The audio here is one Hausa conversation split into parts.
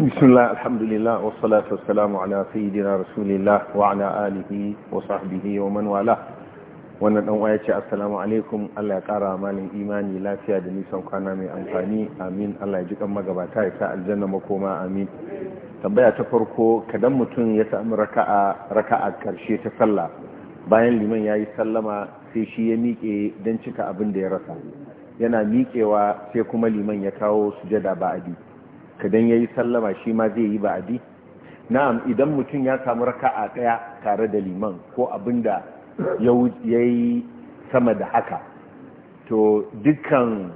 بسم الله الحمد لله والصلاة والسلام على سيدنا رسول الله وعلى آله وصحبه ومن والاه wannan dan waya ce assalamu alaikum Allah ya kara malin imani lafiya da nisan kwana mai amfani amin Allah ya ji kan magabata ya sa aljanna makoma amin tambaya ta farko kadan mutum ya samu raka'a raka'a karshe ta sallah bayan liman yayi sallama sai shi ya miƙe dan cika abin da ya rasa yana miƙewa sai kuma liman ya kawo sujada ba abi kadan yayi sallama shi ma zai yi ba'adi na'am idan mutum ya samu raka'a daya tare da liman ko abinda ya yayi sama da haka to dukkan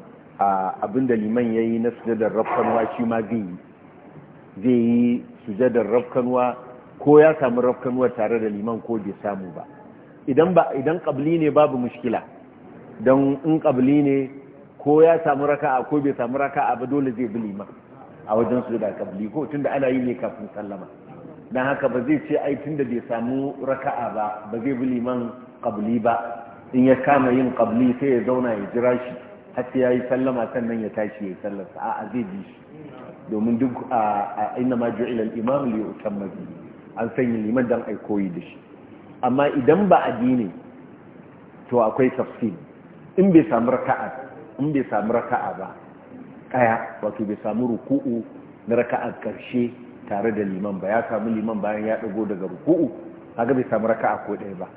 abinda liman yayi na sujadar rafkanwa shi ma zai yi zai yi sujadar rafkanwa ko ya samu rafkanwa tare da liman ko bai samu ba idan ba idan qabli ne babu mushkila don in qabli ne ko ya samu raka'a ko bai samu raka'a ba dole zai bi liman a wajen su da kabli ko tunda ana yi ne kafin sallama dan haka ba zai ce ai tunda bai samu raka'a ba ba zai bi liman kabli ba in ya kama yin kabli sai ya zauna ya jira shi har sai yayi sallama sannan ya tashi ya sallar sa a'a zai bi shi domin duk a inna ma ju'ila al-imam li yutamma bi an sanya liman dan ai koyi da shi amma idan ba addini to akwai tafsir in bai samu raka'a in bai samu raka'a ba ɗaya wato bai samu ruku'u na raka'a karshe tare da liman ba ya samu liman bayan ya ɗago daga ruku'u kaga bai samu raka'a ko ɗaya ba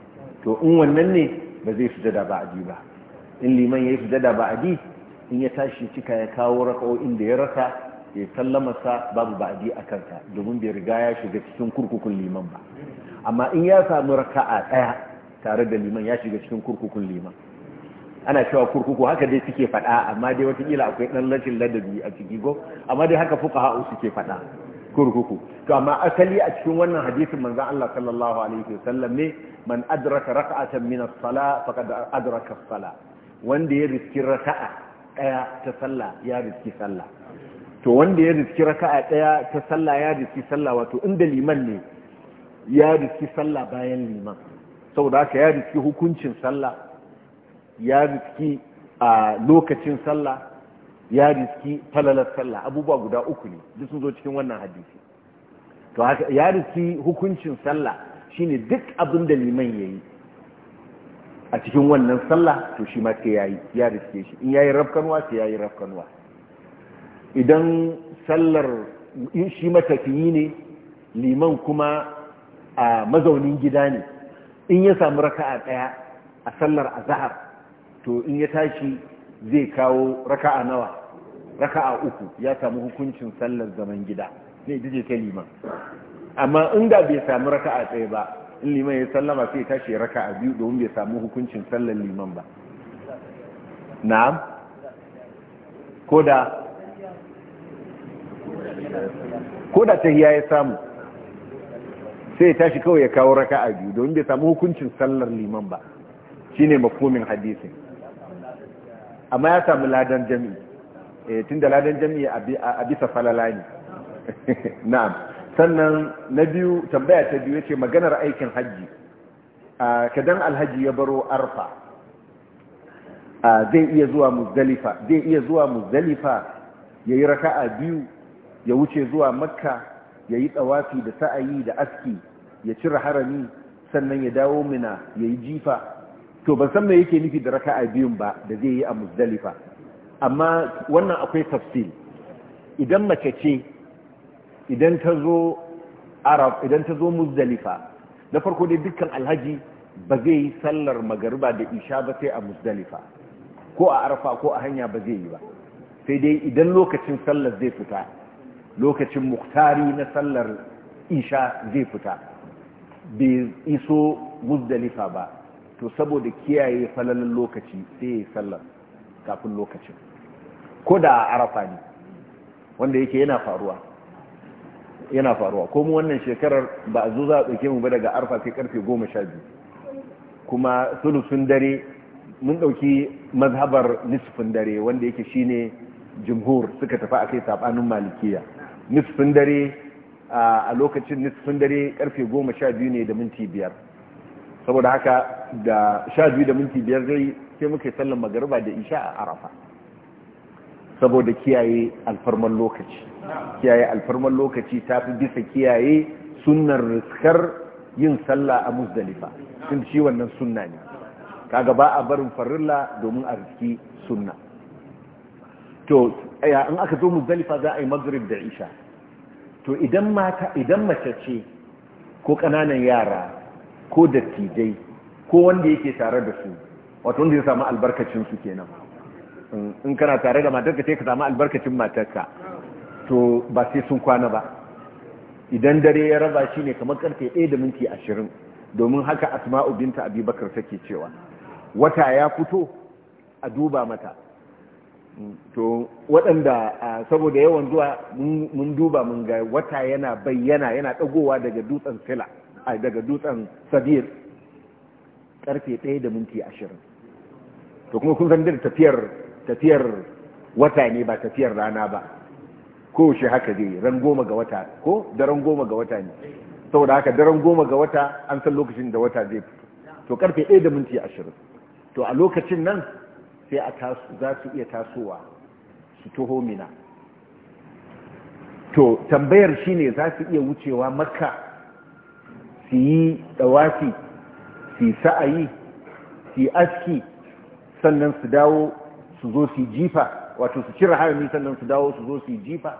to in wannan ne ba zai sujada ba'adi ba in liman ya yi sujada aji in ya tashi cika ya kawo raka'o'in da ya rasa ya sa babu aji a kansa domin bai riga ya shiga cikin kurkukun liman ba amma in ya samu raka'a ɗaya tare da liman ya shiga cikin kurkukun liman ana cewa kurkuku haka dai suke faɗa amma dai watakila akwai ɗan rashin ladabi a ciki go amma dai haka fuka ha'u suke faɗa kurkuku to amma asali a cikin wannan hadisin manzon Allah sallallahu alaihi wasallam ne man adraka raka'atan min as-sala faqad adraka as-sala wanda ya riski raka'a daya ta sallah ya riski sallah to wanda ya riski raka'a daya ta sallah ya riski sallah wato inda liman ne ya riski sallah bayan liman saboda haka ya riski hukuncin sallah ya riski a lokacin sallah ya riski falalar sallah abubuwa guda uku ne duk sun zo cikin wannan hadisi to haka ya riski hukuncin sallah shine duk abin da liman yayi a cikin wannan sallah to shi ma sai yayi ya riske shi in yayi rafkanwa sai yayi rafkanwa idan sallar in shi matafiyi ne liman kuma a mazaunin gida ne in ya samu raka'a daya a sallar azhar to in ya tashi zai kawo raka'a nawa raka'a uku ya samu hukuncin sallar zaman gida ne dije ta liman amma in da bai samu raka'a tsaye ba in liman ya sallama sai tashi raka'a biyu domin bai samu hukuncin sallar liman ba na'am ko da ko da ta hiya ya samu sai tashi kawai ya kawo raka'a biyu domin bai samu hukuncin sallar liman ba shine makomin hadisin amma ya samu ladan jami eh, tun da ladan jami a bisa falala ne na'am sannan na biyu tambaya ta biyu yace maganar aikin hajji kadan alhaji ya baro arfa zai iya zuwa muzdalifa zai iya zuwa muzdalifa yayi raka'a biyu ya wuce zuwa makka ya yi tsawafi da sa'ayi da aski ya cire harami sannan ya dawo mina yayi jifa to ban san me yake nufi da raka'a biyun ba da zai yi a muzdalifa amma wannan akwai tafsil idan mace ce idan ta zo arab idan ta zo muzdalifa na farko dai dukkan alhaji ba zai yi sallar magariba da isha ba sai a muzdalifa ko a arfa ko a hanya ba zai yi ba sai dai idan lokacin sallar zai fita lokacin muktari na sallar isha zai fita bai iso muzdalifa ba to saboda kiyaye falalin lokaci sai ya yi sallar kafin lokacin ko da a arafa ne wanda yake yana faruwa yana faruwa ko mu wannan shekarar ba a zo za a ɗauke mu ba daga arfa sai karfe goma sha biyu kuma sulusun dare mun ɗauki mazhabar nisfin dare wanda yake shine jimhur suka tafi a kai sabanin malikiya nisfin dare a lokacin nisfin dare karfe goma sha biyu ne da minti biyar saboda haka da sha biyu da minti biyar zai sai muka yi sallan magariba da isha a arafa saboda kiyaye alfarman lokaci kiyaye alfarman lokaci ta fi bisa kiyaye sunnar riskar yin sallah a musdalifa tun shi wannan sunna ne kaga ba a barin farilla domin a riski sunna to ya in aka zo musdalifa za a yi maghrib da isha to idan mata idan mace ce ko ƙananan yara ko dattijai ko wanda yake tare da su wato wanda ya samu albarkacin su kenan in kana tare da matarka sai ka samu albarkacin matarka to ba sai sun kwana ba idan dare ya raba shi ne kamar karfe 1 da minti ashirin, domin haka asma'u binta abubakar take cewa wata ya fito a duba mata to waɗanda saboda yawan zuwa mun duba mun ga wata yana bayyana yana ɗagowa daga dutsen sila daga dutsen sabir karfe 1 da minti 20 to kuma kun san da tafiyar tafiyar wata ne ba tafiyar rana ba ko shi haka dai ran goma ga wata ko daren goma ga wata ne saboda haka daren goma ga wata an san lokacin da wata zai fito to karfe 1 da minti 20 to a lokacin nan sai a tasu za su iya tasowa su taho mina to tambayar shine za su iya wucewa makka su yi ɗawafi su yi sa'ayi su yi aski sannan su dawo su zo su yi jifa wato su cire harami sannan su dawo su zo su yi jifa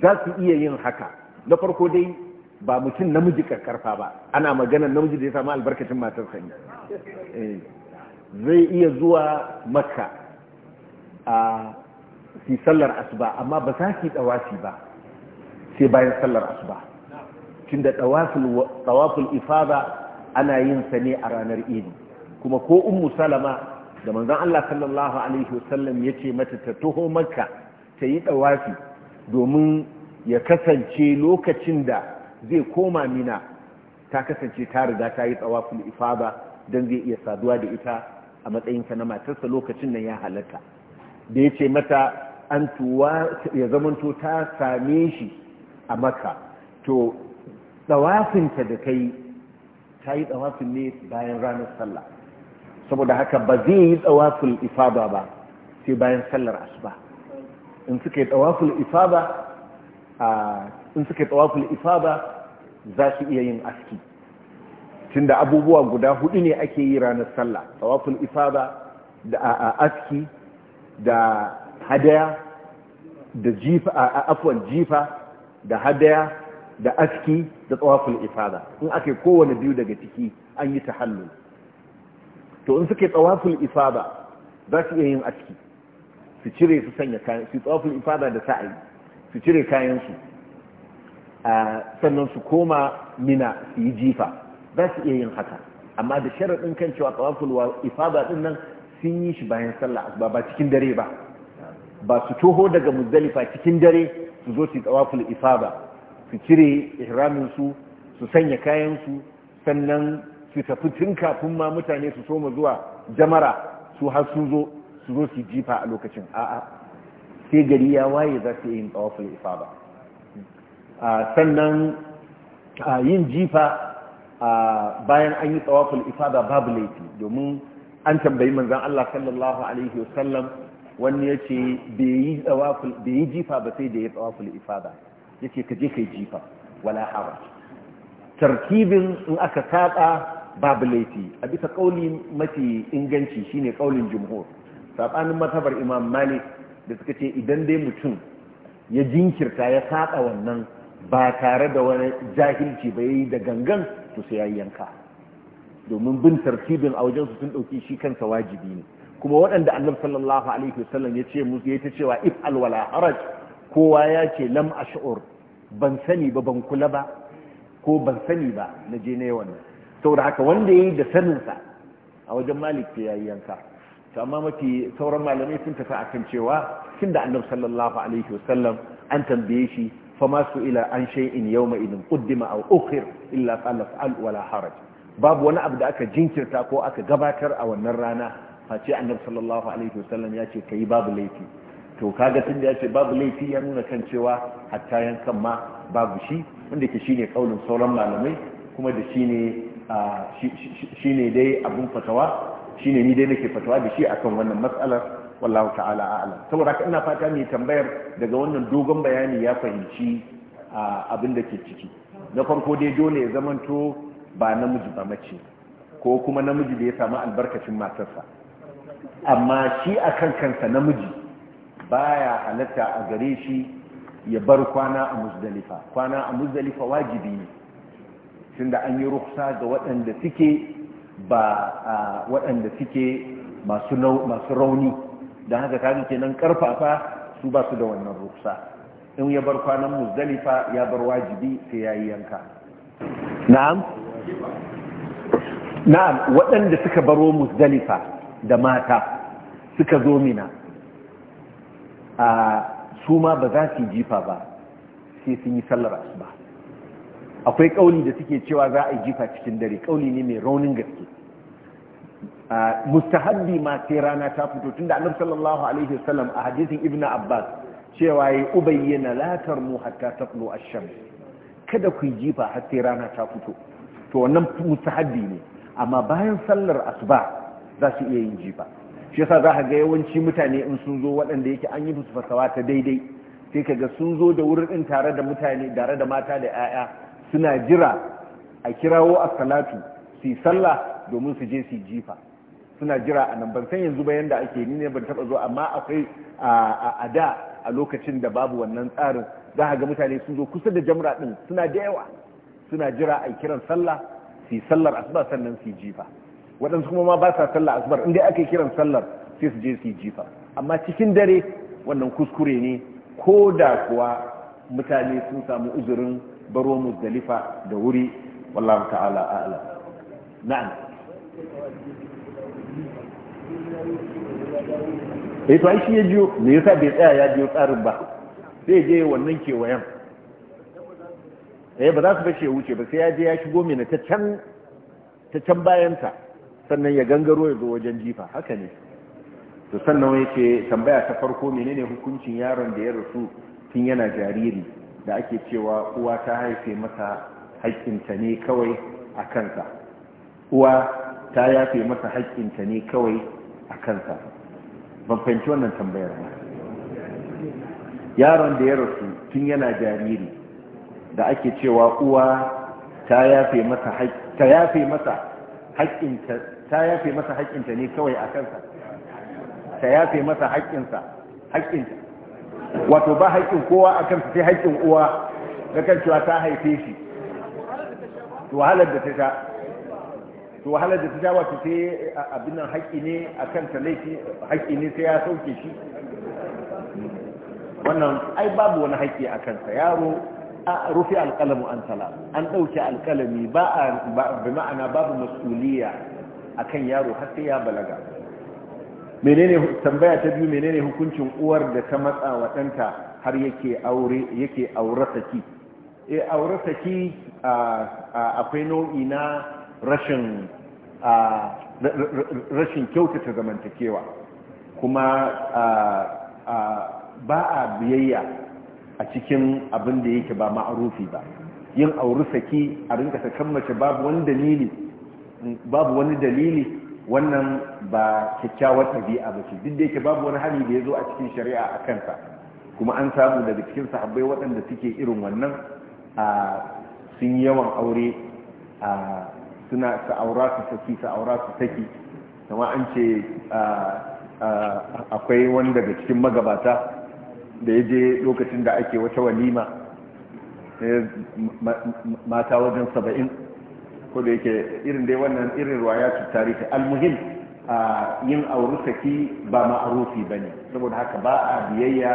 za su iya yin haka na farko dai ba mutum namiji karfa ba ana magana namiji da ya samu albarkacin matar sanyi eh, zai iya zuwa makka a sallar asuba amma ba za ki dawafi ba sai bayan sallar asuba da tawaful ifada ana yin sa ne a ranar idi kuma ko ummu salama da manzon Allah sallallahu alaihi wasallam yace mata ta taho makka ta yi tawafi domin ya kasance lokacin da zai koma mina ta kasance ta riga ta yi tawaful ifada dan zai iya saduwa da ita a matsayinsa na matarsa lokacin nan ya halatta da yace mata an tuwa ya zamanto ta same shi a makka to tsawafinta da kai ta yi tsawafin ne bayan ranar sallah saboda haka ba zai yi tsawafin ifada ba sai bayan sallar asuba in suka yi tsawafin ifada in suka yi tsawafin ifada za su iya yin aski tun da abubuwa guda hudu ne ake yi ranar sallah tsawafin ifaba da aski da hadaya da jifa afuwan jifa da hadaya da aski da tsawaful ifada in ake kowane biyu daga ciki an yi ta hannu to in suke tsawaful ifada za su iya yin aski su cire su sanya kayan su tsawaful ifada da sa'ayi su cire kayan su sannan su koma mina su yi jifa za su iya yin haka amma da sharaɗin kan cewa tsawaful ifada ɗin nan sun yi shi bayan sallah ba ba cikin dare ba ba su toho daga muzdalifa cikin dare su zo su yi tsawaful ifada su cire ihraminsu su sanya kayansu sannan su tafi tun kafin ma mutane su soma zuwa jamara su har sun zo su zo su jifa a lokacin a'a sai gari ya waye za su yin tsawafin ifaba sannan yin jifa bayan an yi tsawafin ifaba babu laifi domin an tambayi manzan Allah sallallahu alaihi wasallam wani ya ce bai yi jifa ba sai da ya tsawafin ifaba yake ka je kai jifa wala haraj tartibin in aka saba babu laifi a bisa kauli mafi inganci shine kaulin jumhur sabanin matabar imam malik da suka ce idan dai mutum ya jinkirta ya saba wannan ba tare da wani jahilci ba yayi da gangan to sai ya yanka domin bin tartibin a wajen su sun dauki shi kansa wajibi ne kuma waɗanda annabi sallallahu alaihi wasallam ya ce musu ya ta cewa if al wala haraj kowa ya ce lam ash'ur ban sani ba ban kula ba ko ban sani ba na je na yawan nan saboda haka wanda ya yi da saninsa a wajen malik ke ya yi yanka to amma mafi sauran malamai sun tafi akan cewa tun da annabi sallallahu alaihi wasallam an tambaye shi fama su ila an in yawma idin quddima aw ukhir illa qala fa'al wala haraj babu wani abu da aka jinkirta ko aka gabatar a wannan rana face annabi sallallahu alaihi wasallam ya ce kai babu laifi to kaga tun da ya ce babu laifi ya nuna kan cewa hatta yankan ma babu shi wanda ke shine kaulin sauran malamai kuma da shine shine dai abun fatawa shine ni dai nake fatawa da shi akan wannan matsalar wallahu ta'ala a'lam saboda haka ina fata mai tambayar daga wannan dogon bayani ya fahimci abin da ke ciki na farko dai dole ya zamanto ba namiji ba mace ko kuma namiji da ya samu albarkacin matarsa amma shi akan kansa namiji baya halatta a gare shi ya bar kwana a muzdalifa kwana a muzdalifa wajibi ne da an yi ruksa ga waɗanda suke ba waɗanda suke masu rauni don haka ke nan karfafa su ba su da wannan ruksa in ya bar kwanan muzdalifa ya bar wajibi sai ya yi yanka na'am na'am waɗanda suka baro muzdalifa da mata suka zo mina a su ma ba za su jifa ba sai sun yi sallar asuba akwai kauli da suke cewa za a jifa cikin dare kauli ne mai raunin gaske mustahabbi ma sai rana ta fito tunda annabi sallallahu alaihi wasallam a hadisin ibnu abbas cewa ya ubayyana la tarmu hatta taqlu ash-shams kada ku jifa har sai rana ta fito to wannan mustahabbi ne amma bayan sallar asuba za su iya yin jifa shi yasa za ka ga yawanci mutane in sun zo waɗanda yake an yi musu fasawa ta daidai sai ka ga sun zo da wurin ɗin tare da mutane tare da mata da 'ya'ya suna jira a kirawo a salatu su yi sallah domin su je su jifa suna jira a nan ban san yanzu ba yanda ake ni ne ban taɓa zo amma akwai a da a lokacin da babu wannan tsarin za ka ga mutane sun zo kusa da jamra ɗin suna da yawa suna jira a kiran sallah su yi sallar asuba sannan su yi jifa waɗansu kuma ma ba sa sallah asubar inda ake kiran sallar sai su je su yi jifa amma cikin dare wannan kuskure ne ko da kuwa mutane sun samu uzurin baro muzdalifa da wuri wallahu ta'ala a'ala na'am sai eh, to shi ya biyo me yasa bai tsaya ya biyo tsarin ba sai je wannan kewayen eh ba za su bace wuce ba sai ya je ya shigo mina ta can ta can bayanta sannan ya gangaro ya zo wajen jifa haka ne to sannan ya ce tambaya ta farko menene hukuncin yaron da ya rasu tun yana jariri da ake cewa uwa ta haife masa haƙƙinta ne kawai a kansa uwa ta yafe masa haƙƙinta ne kawai a kansa ban fahimci wannan tambayar ba yaron da ya rasu tun yana jariri da ake cewa uwa ta yafe masa haƙƙinta ta yafe masa haƙƙinta ne kawai a kansa ta yafe masa haƙƙinsa haƙƙinta wato ba haƙƙin kowa a kansa sai haƙƙin uwa na kan cewa ta haife shi to wahalar da ta sha to wahalar da ta sha wato sai abin nan haƙƙi ne a kanta laifi haƙƙi ne sai ya sauke shi wannan ai babu wani haƙƙi a kansa yaro a rufe alƙalamu an sala an ɗauke alƙalami ba a bi ma'ana babu masuliya kan yaro har sai ya balaga menene tambaya ta biyu menene hukuncin uwar da ta matsa wa ɗanta har yake aure yake aure saki e aure saki akwai nau'i na rashin rashin kyautata zamantakewa kuma ba a biyayya a cikin abin da yake ba ma'arufi ba yin auri saki a rinka sakan mace babu wani dalili babu wani dalili wannan ba kyakkyawar ɗabi'a ba ce duk da yake babu wani hali da ya zo a cikin shari'a a kansa kuma an samu daga cikin sahabbai waɗanda suke irin wannan a sun yawan aure a suna sa'aura su saki sa'aura su saki kamar an ce akwai wani daga cikin magabata da ya je lokacin da ake wata walima mata wajen saba'in ko da yake irin dai wannan irin ruwaya su tarihi almuhim a yin auri saki ba ma'arufi ba ne saboda haka ba a biyayya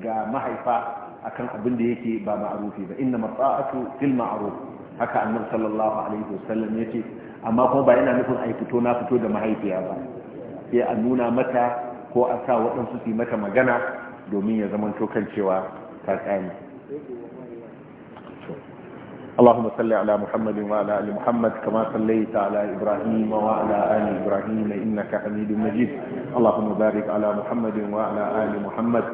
ga mahaifa akan abin da yake ba ma'arufi ba inna matsa'atu fil ma'ruf haka annar sallallahu alaihi wasallam ce amma kuma ba yana nufin a fito na fito da mahaifiya ba sai a nuna mata ko a sa waɗansu su yi mata magana domin ya zama tokan cewa ta tsani اللهم صل على محمد وعلى ال محمد كما صليت على ابراهيم وعلى ال ابراهيم انك حميد مجيد اللهم بارك على محمد وعلى ال محمد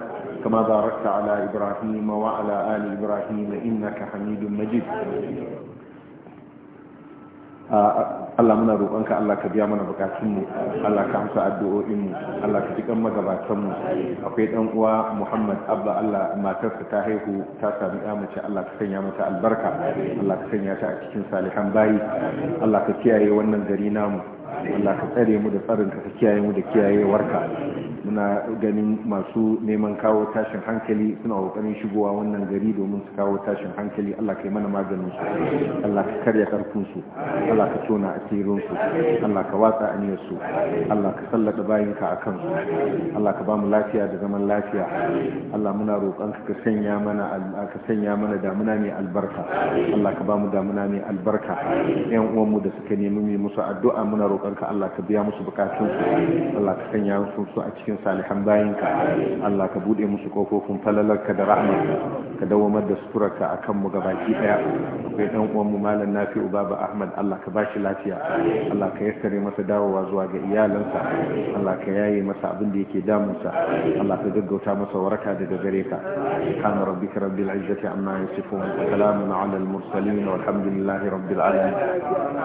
كما باركت على ابراهيم وعلى ال ابراهيم انك حميد مجيد Allah muna roƙonka Allah ka biya mana bukatunmu Allah ka amsa addu'o'inmu Allah ka ji kan magabatanmu akwai dan uwa Muhammad Abba Allah matarsa ta haihu ta sami ya mace Allah ka sanya mata albarka Allah ka sanya ta a cikin salihan bayi Allah ka kiyaye wannan gari namu Allah ka tsare mu da tsarin ka kiyaye mu da kiyayewarka muna ganin masu neman kawo tashin hankali suna kokarin shigowa wannan gari domin su kawo tashin hankali Allah kai mana maganin su Allah ka karya karfin su Allah ka tona asirin su Allah ka watsa aniyar su Allah ka sallata bayin ka akan su Allah ka ba mu lafiya da zaman lafiya Allah muna roƙon ka sanya mana ka sanya mana damuna mai albarka Allah ka ba mu damuna mai albarka Ƴan uwan mu da suka nemi mu musu addu'a muna roƙon ka Allah ka biya musu bukatun su Allah ka sanya su a cikin cikin salihan bayinka Allah ka bude musu kofofin falalarka da rahmarka ka dawamar da suturarka akan mu baki daya akwai dan uwan mu nafi uba baba Ahmad Allah ka bashi lafiya Allah ka yassare masa dawowa zuwa ga iyalansa Allah ka yaye masa abin da yake damunsa Allah ka gaggauta masa waraka daga gare ka kan rabbika rabbil izzati amma yasifun wa salamun ala al mursalin walhamdulillahi rabbil alamin